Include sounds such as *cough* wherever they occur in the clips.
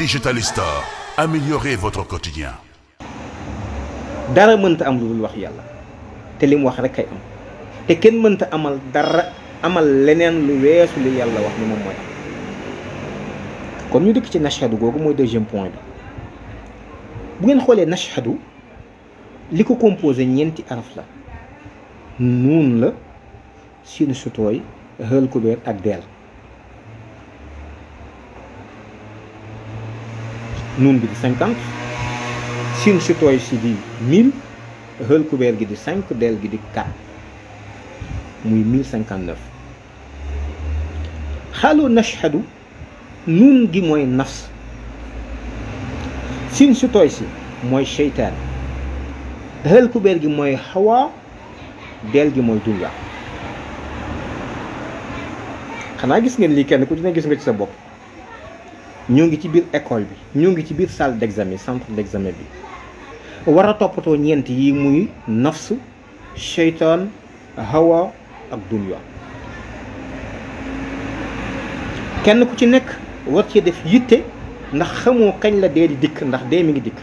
Digital Store améliorez votre quotidien. dara mënta am lu dul wax yàlla te li mu wax rek kay am te kenn mënta amal dara amal leneen lu weesu li yàlla wax ni moom mooy am kon ñu dikk ci nashhadu googu mooy deuxième point bi bu ngeen xoolee nashhadu li ko composé ñeenti araf la nuun la sinu sutooy xël kubeer ak deel nuun bi di cinquante sin sutooy si di mille xël kubéer gi di cinq del gi di quatre muy mille cinquante neuf xaalu nashhadu nuun gi mooy nas sin sutooy si mooy seytaan xël kubéer gi mooy xawaa del gi mooy dunya xanaa gis ngeen lii kenn ku dina gis nga ci sa bopp ñoo ngi ci biir école bi ñu ngi ci biir salle d'examen centre d'examen bi war a toppatoo ñeent yi muy nafsu seytaan hawa ak dunya kenn ku ci nekk war ci def yitte ndax xamoo kañ la dee di dikk ndax dee mi ngi dikk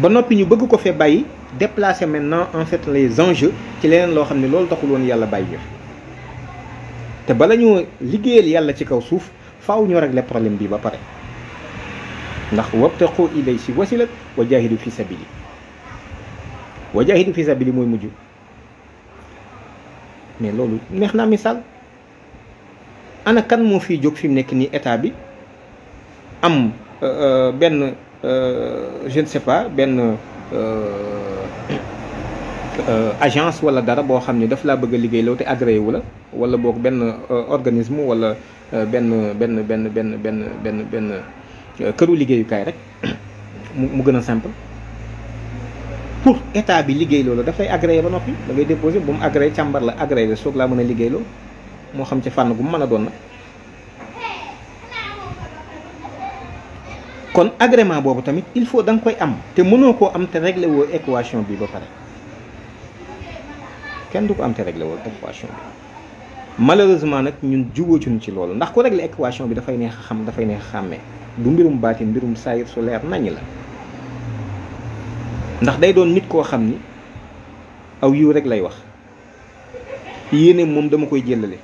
ba noppi ñu bëgg ko fee bàyyi déplacer maintenant en fait les enjeux ci leneen loo xam ne loolu taxul woon yàlla bàyyi te bala ñu liggéeyal yàlla ci kaw suuf ñoo ñu régler problème bi ba pare ndax ko ilay si wasilat wa jaahidu fi sabili wa jaahidu fi sabili mooy mujj mais loolu neex naa misaal ana kan moo fiy jóg fi mu nekk nii état bi am euh, euh, benn euh, jeune ne pas benn Euh, agence wala dara boo xam ne daf laa bëgg a liggéey loo te agréé wu la wala boog benn euh, organisme wala euh, benn benn benn benn benn benn benn këru liggéeyukaay rek *clears throat* mu mu gën a simple pour état bi liggéey loolu dafay lay ba noppi da ngay déposé bu mu agréé càmbar la agréé la soog laa mën a liggéey loolu moo xam ci fànn gu mu mën a doon nag kon agrément boobu tamit il faut da nga koy am te mënoo koo am te réglé woo équation bi ba pare kenn du ko am te réglé wul équation bi malheureusement nag ñun jubóotuñu ci loolu ndax ku réglé équation bi dafay neex a xam dafay neex a xàmmee du mbirum baati mbirum saayir su leer nañ la ndax day doon nit koo xam ni aw yiw rek lay wax yéene moom dama koy jëlale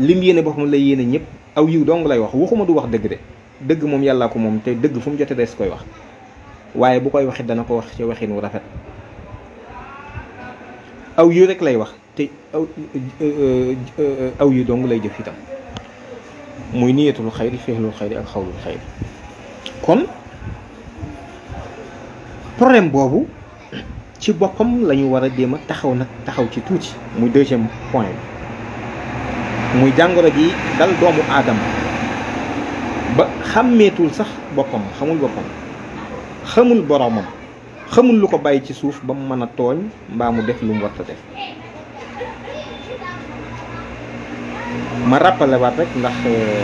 lim yéene boppam la yéene ñëpp aw yiw dong lay wax waxuma du wax dëgg de dëgg moom yàllaa ko moom te dëgg fu mu jotee su koy wax waaye bu koy waxit dana ko wax ci waxin wu rafet aw yu rek lay wax te aw yu dong lay jëf itam muy niyatul xayri fexlul xayri ak xawlul xayri kon problème boobu ci boppam lañu ñu war a déem a taxaw nag taxaw ci tuuti muy deuxième point muy jàngoro ji dal doomu aadama ba xàmmeetul sax boppam xamul boppam xamul boromam xamul lu ko bàyyi ci suuf ba mu mën a tooñ mbaa mu def lu mu war def ma rappelé waat rek ndax euh,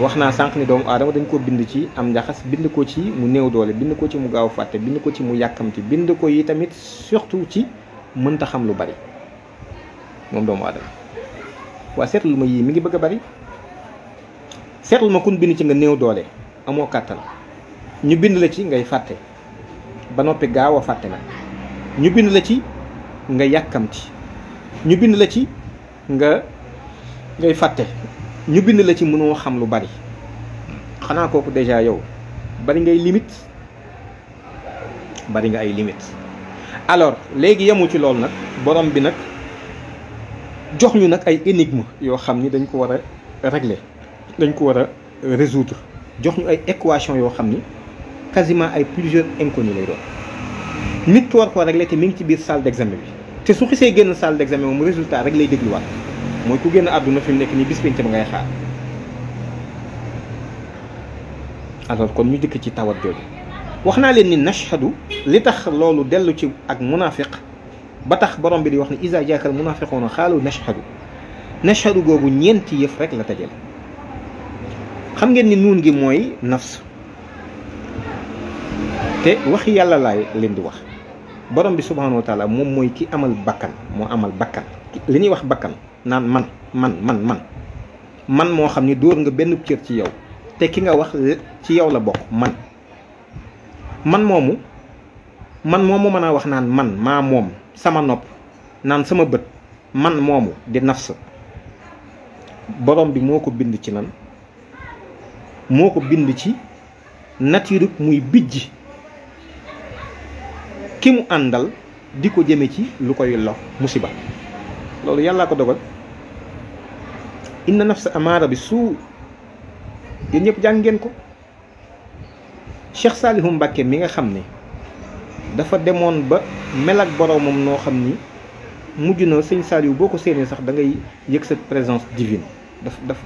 wax naa sanq ni doomu aadama dañ ko bind ci am njaxas bind ko ci mu néew doole bind ko ci mu gaaw fàtte bind ko ci mu yàkkamti bind ko yi tamit surtout ci mënta xam lu bari moom doomu aadama waa seetlu ma yii mi ngi bëgg a bari seetlu ma kun bind ci nga néew doole amoo kàttan ñu bind la ci ngay fàtte ba noppi gaaw a fàtte la ñu bind la ci nga yàkkamti ñu bind la ci nga ngay fàtte ñu bind la ci mënoo xam lu bari xanaa kooku déjà yow bari ngay limite bari nga ay limite alors léegi yemu ci loolu nag borom bi nag jox ñu nag ay énigme yoo xam ni dañ ko war a régler dañ ko war a résoudre jox ñu ay équation yoo xam ni quasiment ay plusieurs inconnus lay doon nit ki war koo réglé te mi ngi ci biir salle d' bi te su xisee génn salle d' examen moom résultat rek lay dégluwaat mooy ku génn àdduna fi mu nekk nii bis pénc ba ngay xaar alors kon ñu dëkk ci tawat jooju wax naa leen ni nashhadu li tax loolu dellu ci ak munafiq ba tax borom bi di wax ne isa jaakal munafiqoona xaalu nashhadu nashhadu googu ñeenti yëf rek la tajale xam ngeen ni nuun gi mooy nafs te waxi yàlla laay leen di wax borom bi subhanahu wa taala moom mooy ki amal bakkan moo amal bakkan li ñuy wax bakkan naan man man man man man moo xam ni dóor nga benn cër ci yow te ki nga wax ci yow la bokk man man moomu man moomu mën a wax naan man maa moom sama nopp naan sama bët man moomu di nafs borom bi moo ko bind ci lan moo ko bind ci nature muy bijji ki mu àndal di ko jëme ci lu koy lo musiba loolu yàllaa ko dogal inna sa amaara bi suu yéen ñëpp jàngeen ngeen ko Cheikh Saalihu Mbàkke mi nga xam ne dafa demoon ba mel ak boroomam noo xam ni mujj na sëñ Saalihu boo ko séenee sax dangay ngay yëg sa présence divine daf daf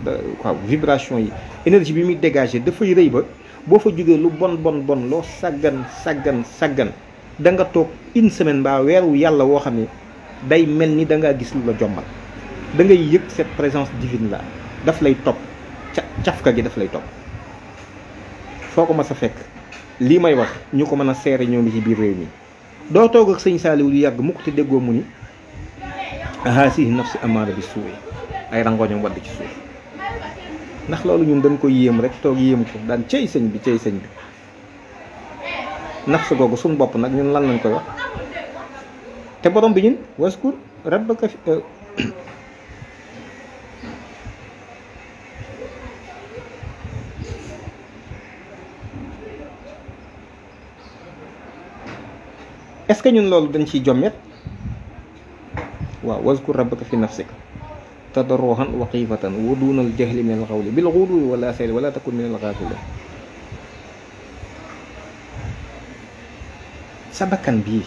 waaw vibration yi énergie bi muy dégagé dafay rëy ba boo fa jógee lu bon bon bon loo sàggan sàggan sàggan da nga toog une semaine mbaa weeru yàlla woo xam ne day mel ni da ngaa gis lu la jommal da ngay yëg cette présence divine la daf lay topp ca cafka gi daf lay topp foo ko ma a fekk lii may wax ñu ko mën a seere ñoo ngi ci biir réew mi doo toog ak sëñ wu lu yàgg mukk te déggoo mu ni haasihi nafsi amaara bi suuy ay rangoñom wadd ci suuf ndax loolu ñun dañ koy yéem rek toog yéem ko daan cey sëñ bi cey sëñ bi nafs googu suñu bopp nag ñun lan lañ koy wax te borom bi ñun waskur rabbaka fi euh, *coughs* est-ce que ñun loolu dañ ciy jommet waaw waskur rabbaka fi nafsika tadarruhan wa xiifatan wa duunal jahli min al xawli bil xuduwi wala seli wala takun min al xaafilin sa bakkan bii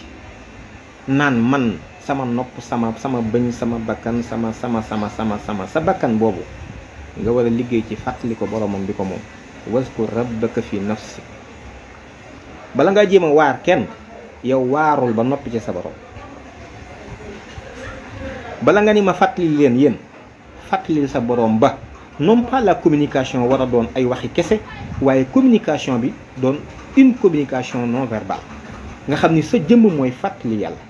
naan man sama nopp sama sama bëñ sama bakkan sama sama sama sama sama sa bakkan boobu nga war a liggéey ci fàttali ko boromam bi ko moom waskur rabbaka fi nafsi bala ngaa jéem a waar kenn yow waarul ba noppi ci sa borom bala nga ni ma fàttali leen yéen fàttalil sa borom ba non pas la communication war a doon ay waxi kese waaye communication bi doon une communication non verbale nga xam ni sa jëmm mooy fàttali yàlla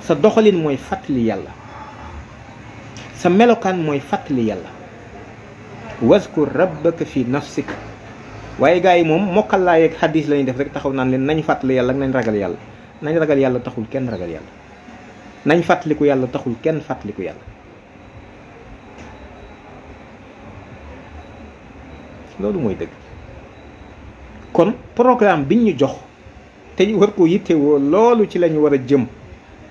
sa doxalin mooy fàttali yàlla sa melokaan mooy fàttali yàlla waskur rabbaka fi nafsik waaye gars yi moom mokkal laay yeeg xadis la def rek taxaw naan leen nañ fàttali yàlla nañ ragal yàlla nañ ragal yàlla taxul kenn ragal yàlla nañ fàttaliku yàlla taxul kenn fàttaliku yàlla loolu mooy dëgg kon programme biñ ñu jox te ñu war ko koo yittewoo loolu ci la ñu war a jëm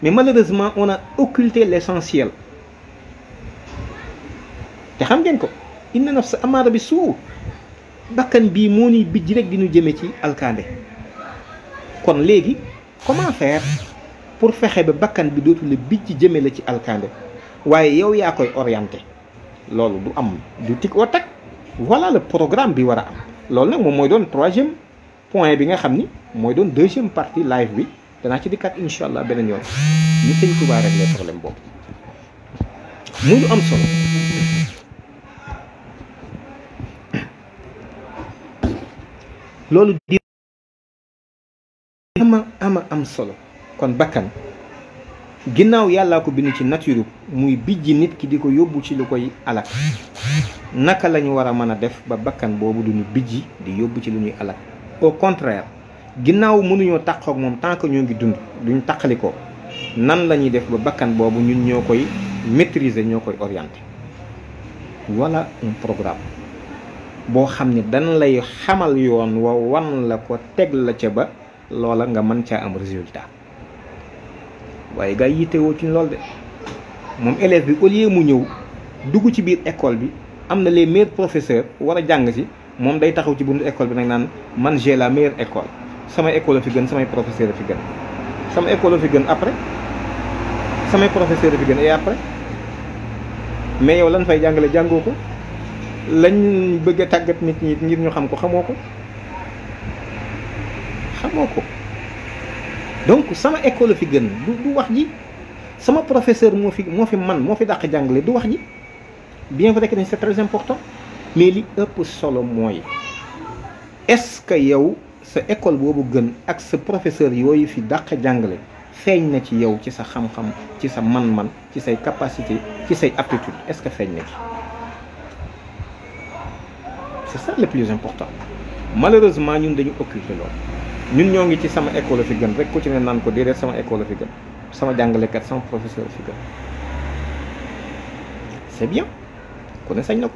mais malheureusement on a occulté l'essentiel te xam ngeen ko inna sa amaara bi suu bakkan bii moo ni bijj rek di ñu jëme ci alkaande kon léegi comment faire pour fexe ba bakkan bi dootu la bijj jëme la ci alkaande waaye yow yaa koy orienté loolu du am du tik wa tak voilà le programme bi war a am loolu nag moom mooy doon troisième point bi nga xam ni mooy doon deuxième partie live bi danaa ci dikkaat incha allah beneen yoon ni sëñ Touba rek la problème boobu mu ñu ama am solo kon bakkan ginnaaw yàllaa ko bind ci nature muy bijji nit ki di ko yóbbu ci lu koy alak naka lañu war a mën a def ba bakkan boobu duñu bijj di yóbbu ci lu ñuy alak au contraire ginnaaw mënuñoo taqook moom tant que ñoo ngi dund duñ taqali ko nan lañuy def ba bakkan boobu ñun ñoo koy maîtriser ñoo koy orienter voilà un programme boo xam ne dana lay xamal yoon wa wan la ko teg la ca ba loola nga mën caa am résultat waaye gaa yittewoo ci lool de moom élève bi au lieu mu ñëw dugg ci biir école bi am na les meilleurs professeurs war a jàng si moom day taxaw ci buntu école bi nag naan man j'ai la meilleure école sama école a fi gën samay professeur a fi gën sama école a fi gën après samay professeur a et après mais yow lan fay jàngale jàngoo ko lañ bëgg a tàggat nit ñi ngir ñu xam ko xamoo ko xamoo ko donc sama école a fi gën du du wax ji sama professeur moo fi moo fi man moo fi dàq jàngale du wax ji bien vrai que c'est très important mais li ëpp solo mooy est-ce yow sa école boobu gën ak sa professeur yooyu fi dàq jàngale feeñ na ci yow ci sa xam ci sa man-man ci say capacité ci say aptitude est-ce que feeñ na ci c'est ça le plus important malheureusement ñun dañu occulter lool ñun ñoo ngi ci sama école fi gën rek ku ne naan ko déedéet sama école fi gën sama jàngalekat sama professeur fi gën c'est bien ku sañ na ko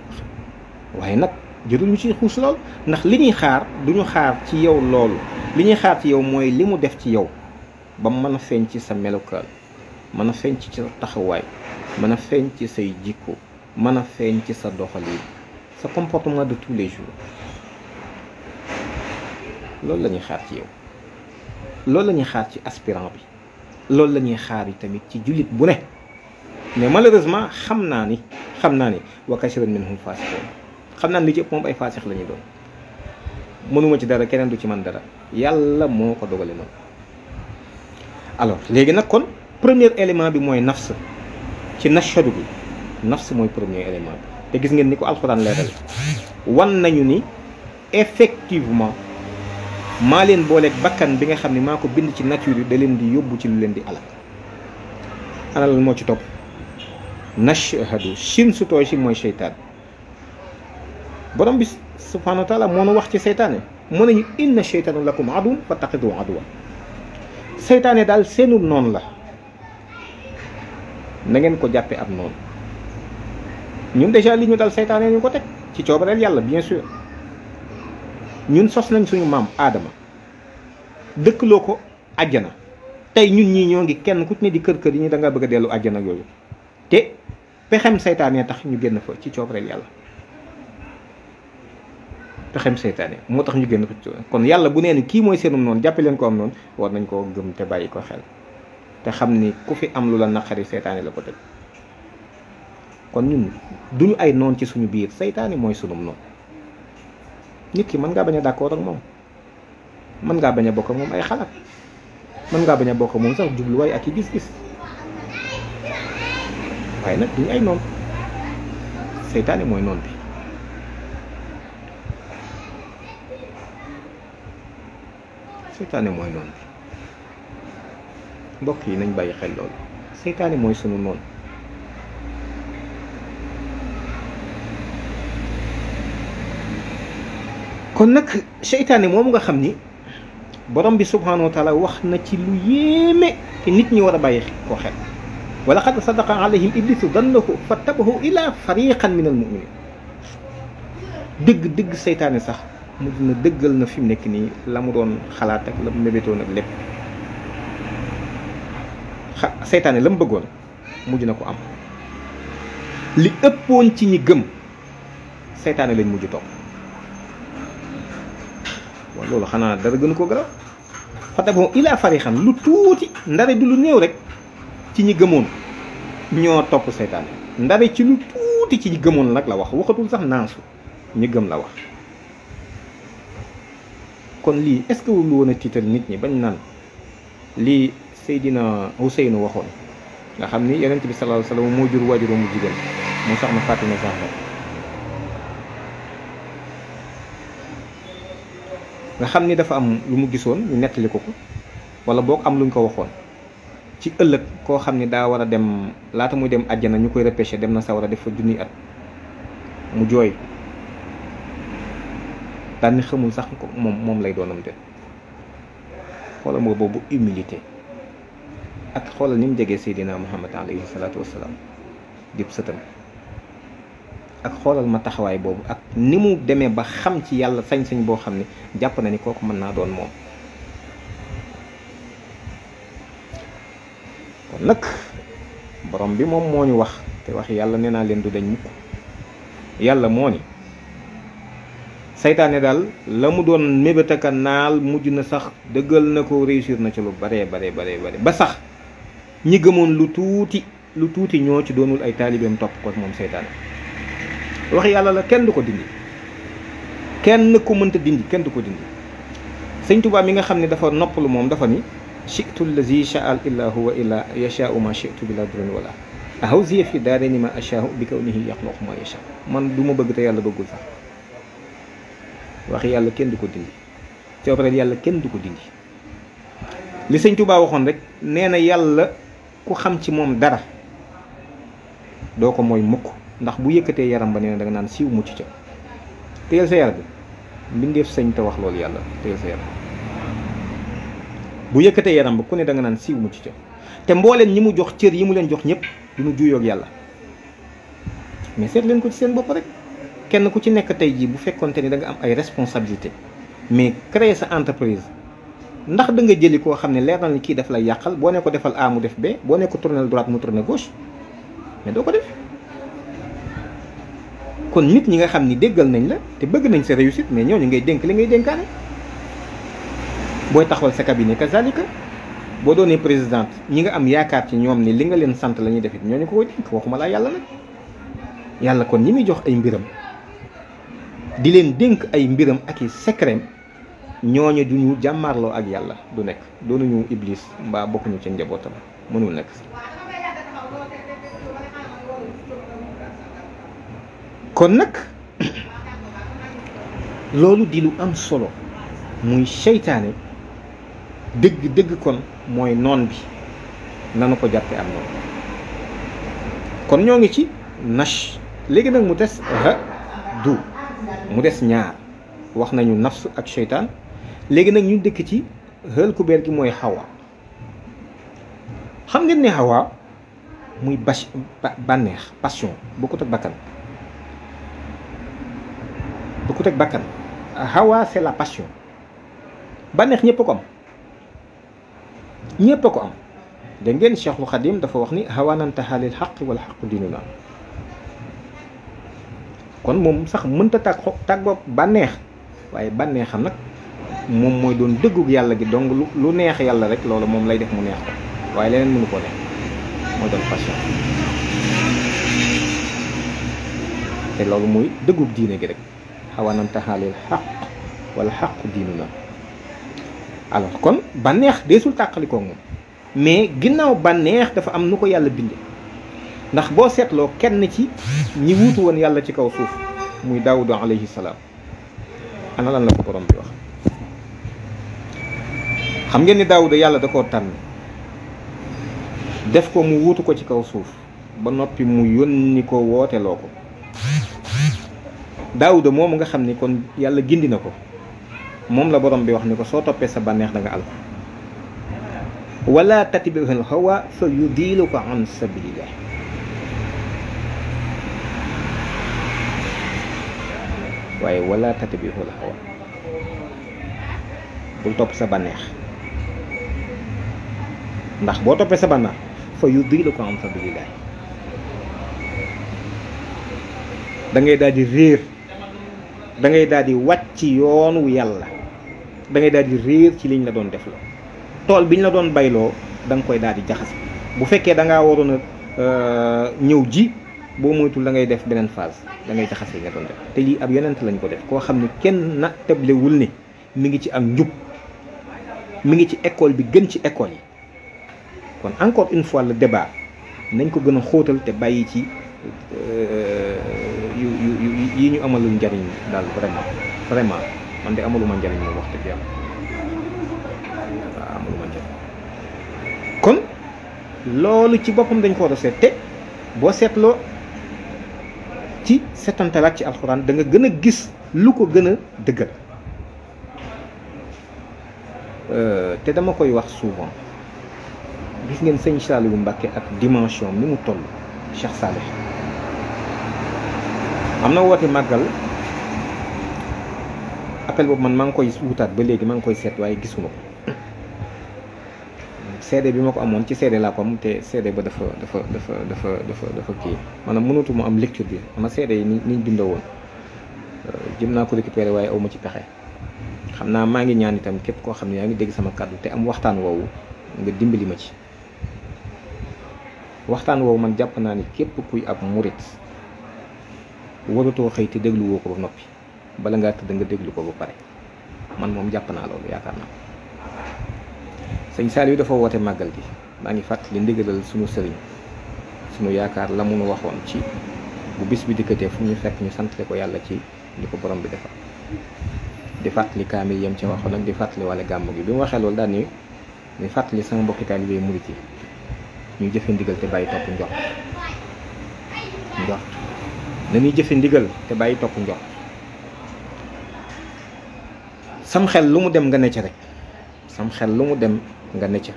waaye nag jërul ñu ci xuus lool ndax li ñuy xaar duñu xaar ci yow loolu li ñuy xaar ci yow mooy li mu def ci yow ba mën a feeñ ci sa melokaal mën a feeñ ci sa taxawaay mën a feeñ ci say jikko mën a feeñ ci sa doxalin sa comportement de tous les jours loolu la ñuy xaar ci yow loolu la ñuy xaar ci aspirant bi loolu la ñuy xaar yi tamit ci jullit bu ne mais malheureusement xam naa ni xam naa ni wa kasiran minhum faasiqoon xam naa li moom ay faasix la ñuy doon mënuma ci dara keneen du ci man dara yàlla moo ko dogale noonu alors léegi nag kon première élément bi mooy nafs ci nashadu bi nafs mooy premier élément bi te gis ngeen ni ko alxuraan leeral wan nañu ni effectivement maa leen booleeg bakkan bi nga xam ne maa ko bind ci nature yi da leen di yóbbu ci lu leen di alal alal moo ci topp nashadu shin su tooy si mooy seytaan borom bi subhanahu wa moo nu wax ci seytaane mu ne ñu inna seytaanu lakum aduwwun fattaxiduhu aduwwan seytaane daal seenu noon la nangeen ko jàppee am noon ñun déjà li ñu daal seytaane ñu ko teg ci coobareel yàlla bien sûr ñun sos nañ suñu maam aadama dëkkloo ko ajjana tey ñun ñii ñoo ngi kenn ku ci ne di kër kër yi ñu da ngaa bëgg a dellu àjjana yooyu te pexem seytaane tax ñu génn fa ci coobareel yàlla pexem seytaane moo tax ñu génn ko ci kon yàlla bu nee ni kii mooy seenum noon jàppe leen ko am noonu war nañ koo gëm te bàyyi ko xel te xam ni ku fi am lu la naqari seytaane la ko teg kon ñun duñu ay noon ci suñu biir seytaane mooy sunum noonu nit ki mën ngaa bañ a d'accord ak moom mën ngaa bañ a bokk moom ay xalaat mën ngaa bañ a bokk ak moom sax jubluwaay ak i gis-gis waaye nag duñu ay noon seytaane mooy noon bi seytaane mooy noonu mbokk yi nañ bàyyi xel loolu seytaane mooy sunu noonu kon nag seytaane moom nga xam ni borom bi subhaanahu wa taala wax na ci lu yéeme te nit ñi war a bàyyi ko xel wala xad sadaqa alayhim iblisu dannahu fa tabahu ila fariqan min al muminin dëgg seytaane sax mujj na dëggal na fi mu nekk nii la mu doon xalaat ak la mu mébétoon ak lépp xa seytaane la mu bëggoon mujj na ko am li ëppoon ci ñi gëm seytaane lañ mujj topp waaw loolu xanaa dara gënu ko garaw fata bon ilaa farixan lu tuuti ndare du lu néew rek ci ñi gëmoon ñoo topp seytaane ndare ci lu tuuti ci ñi gëmoon nag la wax waxatul sax naansu ñi gëm la wax kon lii est-ce que wulu woon a tiital nit ñi bañ naan lii Seydina Ousseynou waxoon nga xam ni yonent bi sallallahu alayhi wasallam moo jur waajuroo mu jigéen mu soxna Fatima Zahra nga xam ni dafa am lu mu gisoon ñu nettali ko ko wala boog am lu ñu ko waxoon ci ëllëg koo xam ni daa war a dem laata muy dem àjjana ñu koy repêché dem na sawara def fa junniy at mu jooy daan ni xamul sax ko moom moom lay doonam de xoolal moo boobu humilité ak xoolal ni mu jegee Seydina Muhammad alayhi salaatu salaam dib sëtam ak xoolal ma taxawaay boobu ak ni mu demee ba xam ci yàlla sañ-sañ boo xam ne jàpp na ni kooku mën naa doon moom kon nag borom bi moom moo ñu wax te wax yàlla nee naa leen du dañ mukk yàlla moo ni seytaane daal la mu doon mébét ak naal mujj na sax dëggal na ko réussir na ci lu baree baree baree bare ba sax ñi gëmoon lu tuuti lu tuuti ñoo ci doonul ay taalibeem topp ko moom seytaane wax yàlla la kenn du ko dindi kenn ku mënta dindi kenn du ko dindi sëñ Tuubaa mi nga xam ne dafa noppalu moom dafa ni chitu lazi chaal illa huwa illa yachaau ma chitu bila durin wala ahawsiya fi daare ni ma achaau bi kawnihi yaxluqu ma yacha man du ma bëgg te yàlla bëggul sax wax yàlla kenn du ko dindi coobare yàlla kenn du ko dindi li sëñ Tuubaa waxoon rek nee na yàlla ku xam ci moom dara doo ko mooy mukk ndax bu yëkkatee yaram ba nee na danga naan siiw mucc ca téyel sa yar te wax loolu yàlla bu yëkkatee yaram ba ku danga naan siiw mucc ca te mbooleen ñi mu jox cër yi mu leen jox ñëpp du mu juyoog yàlla mais seet ko ci seen bopp rek kenn ku ci nekk tey jii bu fekkonte ni danga am ay responsabilité mais créer sa entreprise ndax danga nga jëli koo xam ne leer na ni kii daf lay yàqal boo ne ko defal A mu def B boo ne ko tournel droite mu tourner gauche mais doo ko def kon nit ñi nga xam ni déggal nañ la te bëgg nañ sa réussite mais ñooñu ngay dénk li ngay dénkaane booy taxawal sa cabinet kazalika boo doonee présidente ñi nga am yaakaar ci ñoom ni li nga leen sant la ñuy def it ñooñu ko koy dénk yàlla nag yàlla kon ñi muy jox ay mbiram di leen dénk ay mbiram ak i secret ñooñu du ñu jàmmaarloo ak yàlla du nekk doonuñu iblis mbaa bokkuñu ci njabootam mënul nekk. kon nag *coughs* loolu di lu am solo muy seytaane dëgg dëgg kon mooy noon bi nanu ko jàppe am noonu kon ñoo ngi ci nash léegi nag mu des du mu des ñaar wax nañu nafs ak seytaan léegi nag ñu dëkk ci xël ku gi mooy xawa xam ngeen ne xawa muy bach bànneex passion bokkut ak bakkan bokkut ak bakkan xawa c'est la passion bànneex ñëpp ko am ñëpp ko am dégg ngeen lu Xadim dafa wax ni xawaanantaxaalil xaq wala xaqu diinu na kon moom sax mënta tàgg xo tàgg bopp bànneex waaye bànneexam nag moom mooy doon dëggug yàlla gi dong lu neex yàlla rek loolu moom lay def mu neex ko waaye leneen mënu ko def mooy doon passion te loolu muy dëggug diine gi rek xawaanam taxaalil xaq wala xaq diinu na alors kon bànneex deesul tàqalikoo moom mais ginnaaw bànneex dafa am nu ko yàlla bindee ndax boo seetloo kenn ci ñi wuutu woon yàlla ci kaw suuf muy daawudu alayhi salaam ana lan la ko borom wax xam ngeen ni daawuda yàlla da koo tànn def ko mu wuutu ko ci kaw suuf ba noppi mu yónni ko wooteloo ko daawuda moomu nga xam ni kon yàlla gindi na ko moom la borom bi wax ni ko soo toppee sa bànneex da nga àl ko wala tatibi'il hawa fa yudiluka an sabilillah waaye wala tati bi wala xawa bul topp sa bànneex ndax boo toppee sa bànneex fa yu dii la ko am sa bi laay da ngay daal di réer da ngay daal yoon wu yàlla da ngay réer ci liñ la doon def la tool biñ la doon bayloo danga koy daal di jaxas bu fekkee da waroon a euh, ñëw ji boo moytul da ngay def beneen phase da ngay jaxase nga doon def te lii ab yonent lañ ko def koo xam ne kenn na teblewul ne mi ngi ci am njub mi ngi ci école bi gën ci école yi kon encore une fois le débat nañ ko gën a xóotal te bàyyi ci euh, yu yi ñu amaluñ njariñ daal vraiment vraiment man de amaluma njariñ moom wax dëgg yàlla waaw amaluma njariñ kon loolu ci boppam dañ ko war a seet te boo seetloo ci setantalaat ci alxuraan da nga gën a gis lu ko gën a dëggal euh, te dama koy wax souvent gis ngeen sëñ Saliou mbakke ak dimension ni mu toll Cheikh Salih am na woote màggal appel boobu man maa ngi koy wutaat ba léegi maa ngi koy seet waaye gisuma ko CD bi ma ko amoon ci CD laa ko am te CD ba dafa dafa dafa dafa dafa dafa kii maanaam mënatu ma am lecture bi ma CD yi ni ni bindoo woon euh, jëm naa ko récupérer waaye aw ma ci pexe xam naa maa ngi ñaan itam képp koo xam ne yaa ngi dégg sama kàddu te am waxtaan woowu nga dimbali ma ci waxtaan woowu man jàpp naa ni képp kuy ab murit waratoo xëy te dégluwoo ko ba noppi bala ngaa tëdd nga déglu ko ba pare man moom jàpp naa loolu yaakaar naa sëñ Saliou dafa woote màggal gi maa ngi fàttali ndigalal sunu sëriñ sunu yaakaar la munu waxoon ci bu bis bi dikkatee fu ñu fekk ñu santale ko yàlla ci ñu ko borom bi defar di fàttali kaamil yam ci waxoon nag di fàttali wala gàmmu gi bi mu waxee loolu daal ni fàttali sama mbokki taalibe yi murit yi ñuy jëfe ndigal te bàyyi topp njort njort nañuy jëfe ndigal te bàyyi topp njort sam xel lu mu dem nga ne ci rek sam xel lu mu dem nga ne ca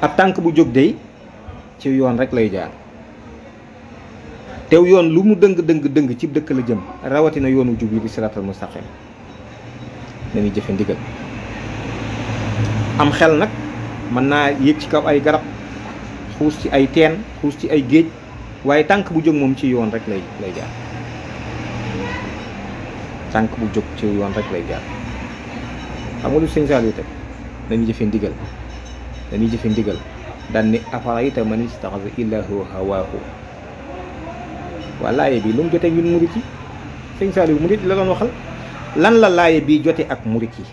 ab tànk bu jóg dey ci yoon rek lay jaar tew yoon lu mu dëng dëng dëng cib dëkk la jëm rawatina yoonu jub yi di siraatal mustaqim nañu jëfe am xel nag mën naa yéeg ci kaw ay garab xuus ci ay teen xuus ci ay géej waaye tànk bu jóg moom ci yoon rek lay lay jaar tànk bu jóg ci yoon rek lay jaar xam nga lu sëñ Saaliw dañuy jëfe ndigal dañuy jëfe ndigal daan ni afarayta man istaxasa ilaahu hawaahu waa laaye bi lu mu jotee ñun murit yi sëñ Saaliw murit la doon waxal lan la laaye bi jote ak murit yi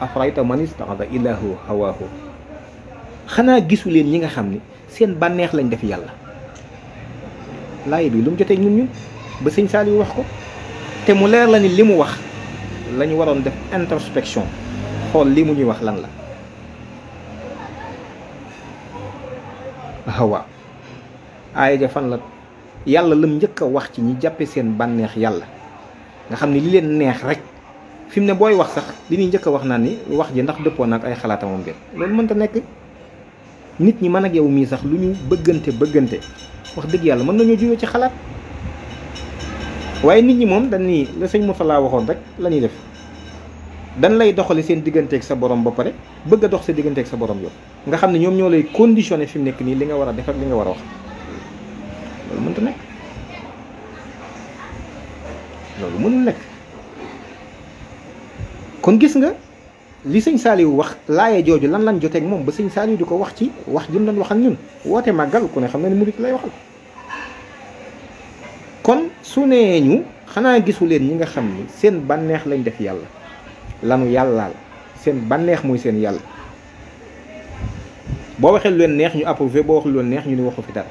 afarayta man istaxasa ilaahu xanaa gisu leen ñi nga xam ni seen bànneex lañ def yàlla laaye bi lu jotee ñun ñun ba sëñ Saaliw wax ko te mu leer la ni li mu wax lañu waroon def introspection xool li mu ñuy wax lan la ah, waaw aaya ja fan la yàlla lam njëkk a wax ci ñi jàppe seen bànneex yàlla nga xam ne li leen neex rek fi mu ne booy wax sax li ñuy njëkk wax naa ni wax ji ndax dëppoo naag ay xalaatam moom loolu mënta nekk nit ñi mën ak yow mii sax lu ñu bëggante bëggante wax dëgg yàlla mën nañoo juyoo ci xalaat waaye nit ñi moom dañ ni la sëñ Moussa laa waxoon rek la ñuy def dan lay doxali seen digganteek sa borom ba pare bëgg a dox sa digganteeg sa borom yow nga xam ne ñoom ñoo lay conditionné fi mu nekk nii li nga war a def ak li nga war a wax loolu mënta nekk loolu mënul nekk kon gis nga li sëñ Saliou wax laaye jooju lan lan joteek moom ba sëñ Saliou di ko wax ci wax jëm lan waxal ñun woote màggal ku ne xam na ne murit lay waxal kon su nee ñu xanaa gisu leen ñi nga xam ni seen bànneex lañ def yàlla lanu yàllaal seen bànneex mooy seen yàlla boo waxee lu leen neex ñu approuvé boo wax lu leen neex ñu ne waxu fi dara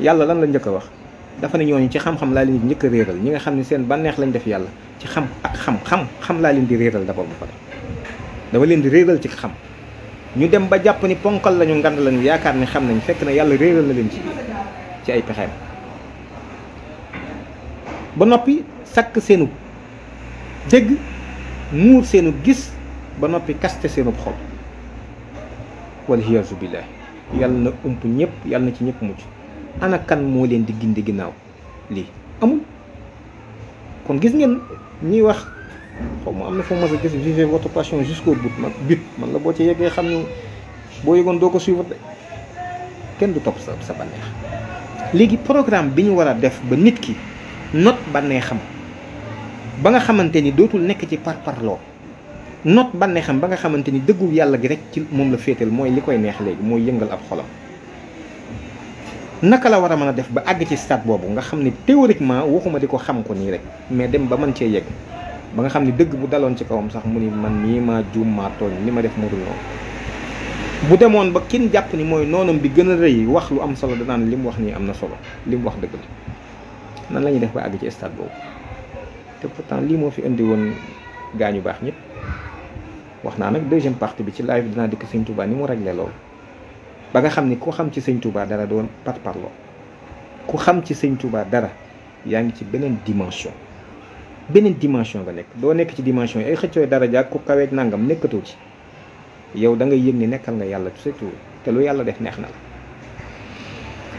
yàlla lan la njëkk a wax dafa ne ñooñu ci xam-xam laa leen di njëkk a réeral ñi nga xam ne seen bànneex lañ def yàlla ci xam ak xam xam xam laa leen di réeral d'abord ba pare dama leen di réeral ci xam ñu dem ba jàpp ni ponkal lañu ngand lañu yaakaar ni xam nañ fekk na yàlla réeral na leen ci ci ay pexeem ba noppi sakk seenu dégg muur seenu gis ba noppi kaste seenu xol walhiyaasu billaahi yàlla na ump ñëpp yàlla na ci ñëpp mucc ana kan moo leen di gindi ginnaaw li amul kon gis ngeen ñuy wax xaw mu am na foo mas a gis vivez votre passion jusqu'au bout man but man la boo ci yeggee xam ne boo yeggoon doo ko suivre de kenn du topp sa sa bànneex léegi programme bi ñu war a def ba nit ki not bannee xam ba nga xamante ni dootul nekk ci par parloo not bannee xam ba nga xamante ni dëggu yàlla gi rek ci moom la féetal mooy li koy neex léegi mooy yëngal ab xolam naka la war a mën a def ba àgg ci stade boobu nga xam ne théoriquement waxuma di ko xam ko nii rek mais dem ba man cee yegg ba nga xam ne dëgg bu daloon ci kawam sax mu ni man nii ma juum maa tooñ li ma def mu dul noonu bu demoon ba kenn jàpp ni mooy noonam bi gën a rëy wax lu am solo danaan li wax nii am na solo li wax dëgg nan la ñuy def ba àgg ci stade boobu te pourtant lii moo fi indi woon gaañu baax ñëpp wax naa nag deuxième partie bi ci live bi dinaa dikk sëñ Touba ni mu réglé loolu ba nga xam ni ku xam ci sëñ Touba dara doon par parloo ku xam ci sëñ Touba dara yaa ngi ci beneen dimension beneen dimension nga nekk doo nekk ci dimension yi ay xëccooy dara jaag ku kaweeg nangam nekkatoo ci yow da ngay yëg ni nekkal nga yàlla surtout te lu yàlla def neex na la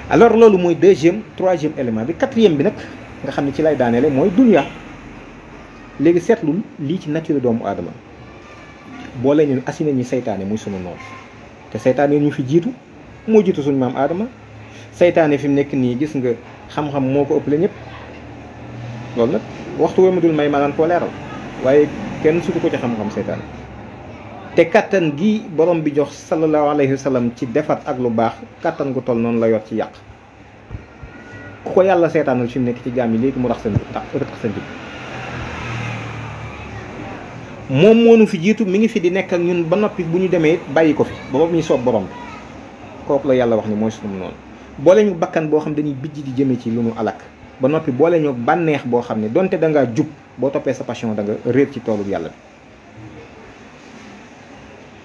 alors loolu mooy deuxième troisième élément bi quatrième bi nag nga xam ne ci lay daaneele mooy dunya léegi seetlul lii ci nature doomu aadama boole ñu asine ñu seytaane muy sunu noonu te seytaanee ñu fi jiitu moo jiitu suñu maam aadama seytaane fi mu nekk nii gis nga xam-xam moo ko ëppale ñëpp loolu nag waxtu woo ma dul may ma naan koo leeral waaye kenn sutu ko ci xam-xam saytaane te kattan gi borom bi jox sallallahu alayhi wa sallam ci defar ak lu baax kattan gu toll noonu la yor ci yàq ku ko yàlla seetaanal fi mu nekk ci jaam yi léegi mu rax seen tax tax seen moom moo nu fi jiitu mi ngi fi di nekk ak ñun ba noppi bu ñu demee bàyyi ko fi ba ba ñuy soob borom bi kooku la yàlla wax ni mooy sunu noonu boole ñu bakkan boo xam ne dañuy bijj di jëme ci lu nu alak ba noppi boole ñu bànneex boo xam ne donte da ngaa jub boo toppee sa passion da nga réer ci toolu yàlla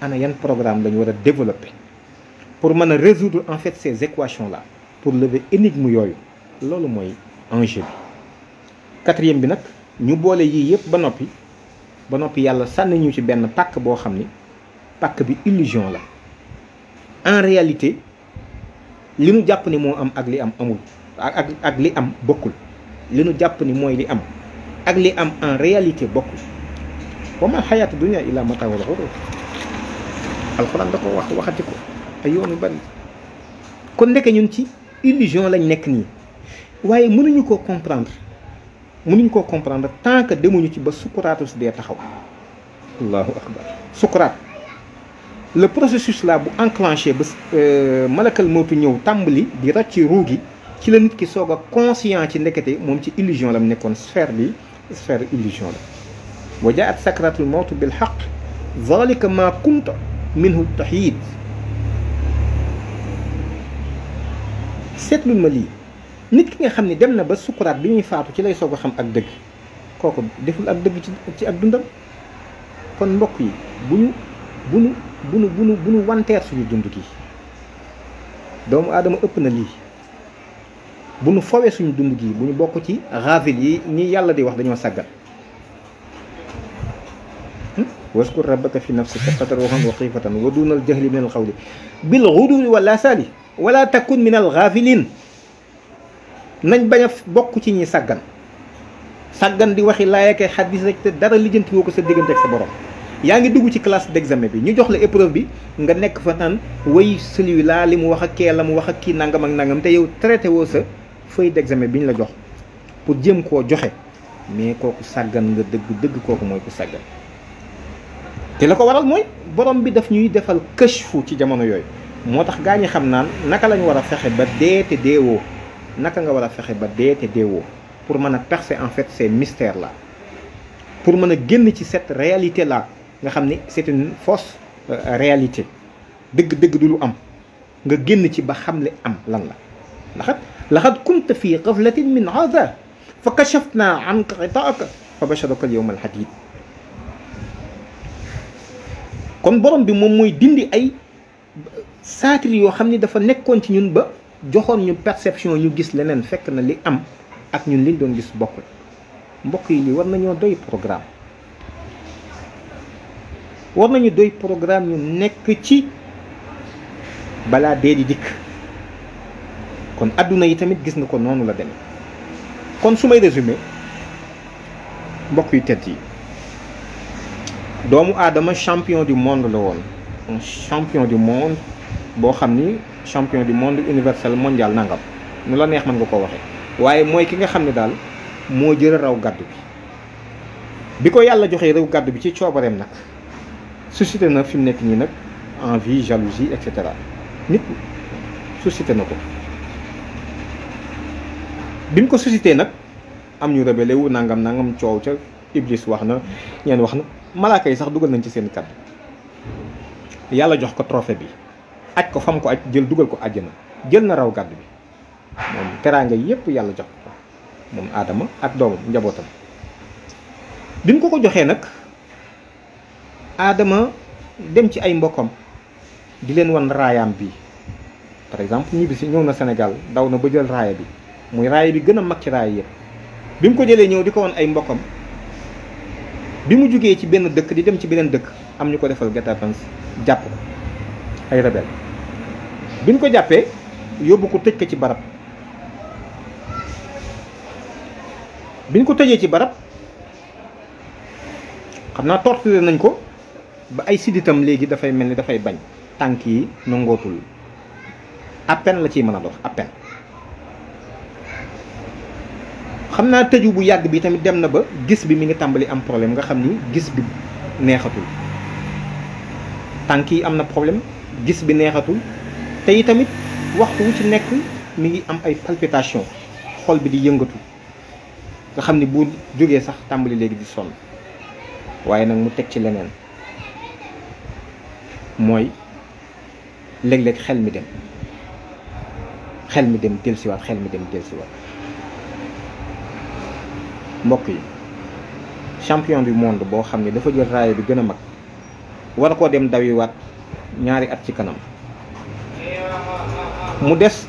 ana yan programme la ñu war a développer pour mën a résoudre en fait ces équations la pour lever énigme yooyu loolu mooy enjeu bi quatrième bi nag ñu boole yii yëpp ba noppi ba noppi yàlla sànni ci benn pàkk boo xam ni pàkk bi illusion la en réalité li nu jàpp ni moo am ak li am amul ak ak li am bokkul li nu jàpp ni mooy li am ak li am en réalité bokkul wa ma xayaatu dunya illa mataaul ghurur alxuraan da ko wax waxati ko ay yoon yu bari kon ndeke ñun ci illusion lañ nekk nii waaye mënuñu ko comprendre mënuñu ko comprendre tant que demuñu ci ba sukuraatu si dee taxaw allahu akbar sukuraat le processus là bu enclenché ba euh, malakal mootu ñëw tàmbali di ràcc ruu gi ci la nit ki soog a conscient ci ndekete moom ci illusion la mu nekkoon sphère bi sphère illusion la wa jaat sakratul mawt bil xaq zalika ma minhu taxyid seetlul ma lii nit ki nga xam ne dem na ba sukkuraat bi ñuy faatu ci lay soog a xam ak dëgg kooku deful ak dëgg ci ci ak dundam kon mbokk yi bu ñu bu ñu bu ñu bu ñu bu ñu wanteer suñu dund gi doomu aadama ëpp na lii bu ñu fowee suñu dund gi bu ñu bokk ci ravil yi ñi yàlla di wax dañoo sàggal waskur rabbaka fi nafsika tadarruhan wa xiifatan wa duuna aljahli min alqawli bilxuduwi wala sali wala takun min alxaafilin nañ bañ a bokk ci ñi sàggan sàggan di waxi laayakee xadis rek te dara lijjanti woo ko sa diggante ak sa borom yaa ngi dugg ci classe d'examen bi ñu jox la épreuve bi nga nekk fa naan way celui là li mu wax ak kee la mu wax ak kii nangam ak nangam te yow traité woo sa feuille d'examen bi ñu la jox pour jéem koo joxe mais kooku sàggan nga dëgg dëgg kooku mooy ku sàggan te la ko waral mooy borom bi daf ñuy defal kashfu ci jamono yooyu moo tax gaa ñi xam naan naka lañu war a fexe ba dee te deewoo naka nga war a fexe ba deete te deewoo pour mën a percer en fait ces mystères la pour mën a génn ci cette réalité la nga xam ni c'est une fausse euh, réalité dëgg-dëgg du lu am nga génn ci ba xam li am lan la laxat laxat kunta fii gaflatin min hada fa kachafna anka xitaaka fa basharaka al yawma al hadid kon borom bi moom mooy dindi ay saatiri yoo xam ne dafa nekkoon ci ñun ba joxoon ñu perception ñu gis leneen fekk na li am ak ñun liñ doon gis bokkul mbokk yi lii war nañoo doy programme war nañu doy programme ñu nekk ci balaa dee di dikk kon adduna yi tamit gis nga ko noonu la demee kon su may résumé mbokk yu tedd yi doomu aadama champion du monde la woon champion du monde boo xam ni champion du monde universel mondial nangam nu la neex mën nga ko waxee waaye mooy ki nga xam ne daal moo jël raw gàddu bi bi ko yàlla joxee raw gàddu bi ci coobareem nag suscité na fi mu nekk nii nag envie jalousie et cetera nit suscité na ko bi mu ko suscité nag am ñu rébellé wu nangam nangam coow ca Iblis wax na ñeen wax na malaaka yi sax dugal nañ ci seen kàddu yàlla jox ko trophée bi aj ko fam ko aj jël dugal ko àjjana jël na raw gàddu bi moom teraanga yépp yàlla jox ko moom aadama ak doomam njabootam bi mu ko ko joxee nag aadama dem ci ay mbokkam di leen wan raayaam bi par exemple ñibbi si ñëw na senegal daw na ba jël raaya bi muy raaya bi gën a mag ci raaya yëpp bi mu ko jëlee ñëw di ko wan ay mbokkam bi mu jógee ci benn dëkk di dem ci beneen dëkk am ñu ko defal guet-apens jàpp ko ay rebelle biñ ko jàppee yóbbu ko tëj ko ci barab biñ ko tëjee ci barab xam naa torturé nañ ko ba ay sidditam léegi dafay mel ni dafay bañ tànk yi nangootul à la ciy mën a dox à xam naa tëju bu yàgg bi tamit dem na ba gis bi mi ngi tàmbali am problème nga xam ni gis bi neexatul tànk yi am na problème gis bi neexatul te yi tamit waxtu wu ci nekk mi ngi am ay palpitation xol bi di yëngatu nga xam ni bu jógee sax tàmbali léegi di sonn waaye nag mu teg ci leneen mooy léeg-léeg xel mi dem xel mi dem dellusiwaat xel mi dem dellusiwaat mbokk yi champion du monde boo xam ne dafa jël raaya bi gën a mag war a koo dem dawiwaat ñaari at ci kanam mu des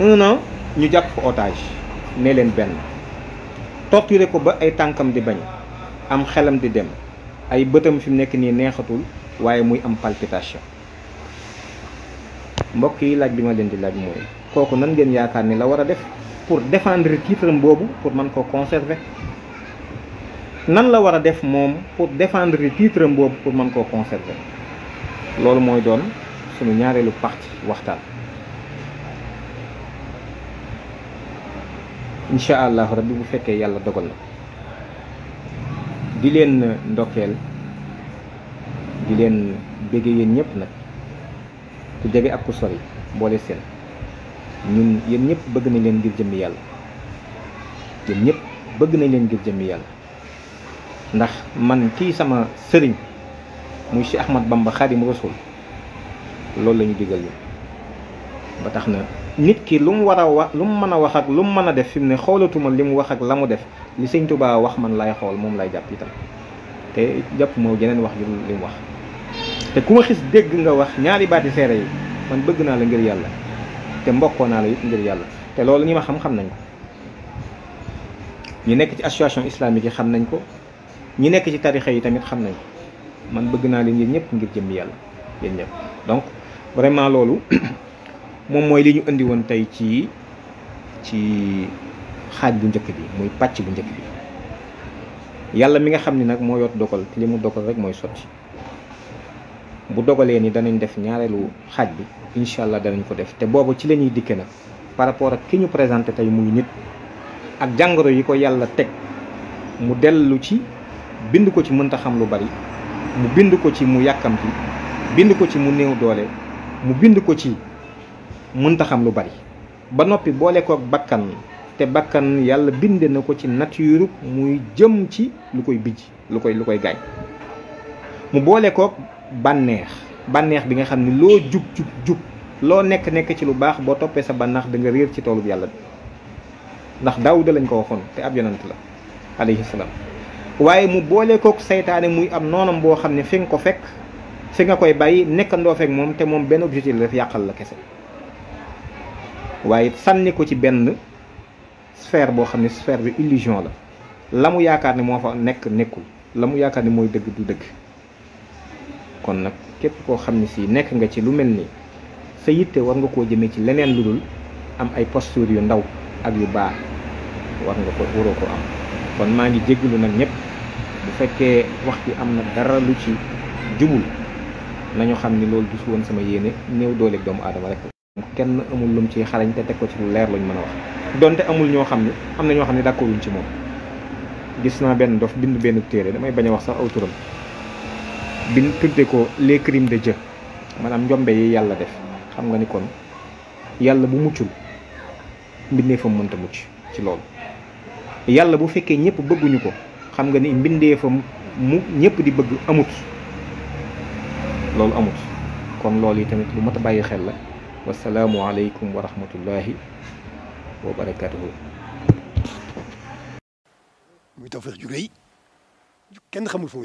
un ñu jàpp ko otage ne leen benn torturé ko ba ay tànkam di bañ am xelam di dem ay bëtam fi mu nekk nii neexatul waaye muy am palpitation mbokk yi laaj bi ma leen di laaj mooy kooku nan ngeen yaakaar ni la war a def pour défendre titre boobu pour mën koo conserver nan la war a def moom pour défendre titre boobu pour mën koo conserver loolu mooy doon suñu ñaareelu partie waxtaan incha allah rabbi bu fekkee yàlla dogal na di leen ndokkeel di leen béggee yéen ñëpp nag ku jege ak ku sori boole seen ñun yéen ñëpp bëgg nañ leen ngir jëmmi yàlla yéen ñëpp bëgg nañ leen ngir jëmmi yàlla ndax man kii sama sëriñ muy Cheikh Ahmad Bamba Xaadimu Rasuul loolu lañu ñu digal yi ba tax na nit ki lu mu war a wax lu mu mën a wax ak lu mu mën a def fi mu ne xoolatuma li mu wax ak la mu def li sëñ Tuubaa wax man lay xool moom lay jàpp itam te jàpp moo jeneen wax ju li wax te ku ma xis dégg nga wax ñaari baati seere yi man bëgg naa la ngir yàlla te mbokkoo naa la it ngir yàlla te loolu ñi ma xam-xam nañ ko ñi nekk ci association islamique yi xam nañ ko ñi nekk ci tarixa yi tamit xam nañ man bëgg naa leen yéen ñëpp ngir jëmm yàlla yéen ñëpp donc vraiment loolu *clears throat* moom mooy li ñu indi woon tey ci ci xaaj bu njëkk bi muy pàcc bu njëkk bi yàlla mi nga xam ni nag moo yoot dogal te li mu dogal rek mooy sotti bu dogalee ni danañ def ñaareelu xaaj bi incha allah danañ ko def te boobu ci la ñuy dikke nag par rapport ak ki ñu présenté tey muy nit ak jàngoro yi ko yàlla teg mu dellu ci bind ko ci mënta xam lu bari mu bind ko ci mu yàkkamti bind ko ci mu néew doole mu bind ko ci mënta xam lu bari ba noppi boole ko ak bakkan te bakkan yàlla bind na ko ci nature muy jëm ci lu koy bijj lu koy lu koy gaañ mu boole ko bànneex bànneex bi nga xam ni loo jub jub jub loo nekk nekk ci lu baax boo toppee sa bànneex da nga réer ci toolub yàlla bi ndax daawuda lañ ko waxoon te ab yonant la alayhi waaye mu boole kook seytaane muy am noonam boo xam ne fi nga ko fekk fi nga koy bàyyi nekkandoo fekk moom te moom benn objectif la def yàqal la kese waaye sànni ko ci benn sphère boo xam ne sphère bi illusion la la mu yaakaar ne moo fa nekk nekkul la mu yaakaar ne mooy dëgg du dëgg kon nag képp koo xam ne si nekk nga ci lu mel nii sa yitte war nga koo jëmee ci leneen lu dul am ay posture yu ndaw ak yu baax war nga ko waroo ko am kon maa ngi jéggalu nag ñëpp bu fekkee wax bi am na dara lu ci jubul nañu xam ni loolu gisu woon sama yéene néew dooleeg doomu aadama rek kenn amul lum ci xarañ te teg ko ci lu leer lañ mën a wax donte amul ñoo xam ne am na ñoo xam ne d'accorduñ ci moom gis naa benn dof bind benn téere damay bañ a wax sax aw bi ñu tudde ko les crimes de Dieu maanaam njombe yi yàlla def xam nga ni kon yàlla bu muccul mbindeefam mënta mucc ci lool yàlla bu fekkee ñëpp bëgguñu ko xam nga ni mbindeefam mu ñëpp di bëgg amut loolu amut kon loolu yi tamit lu mat a bàyyi xel la wasalaamu aleykum wa rahmatullahi wa barakatuhu muy kenn xamul fu mu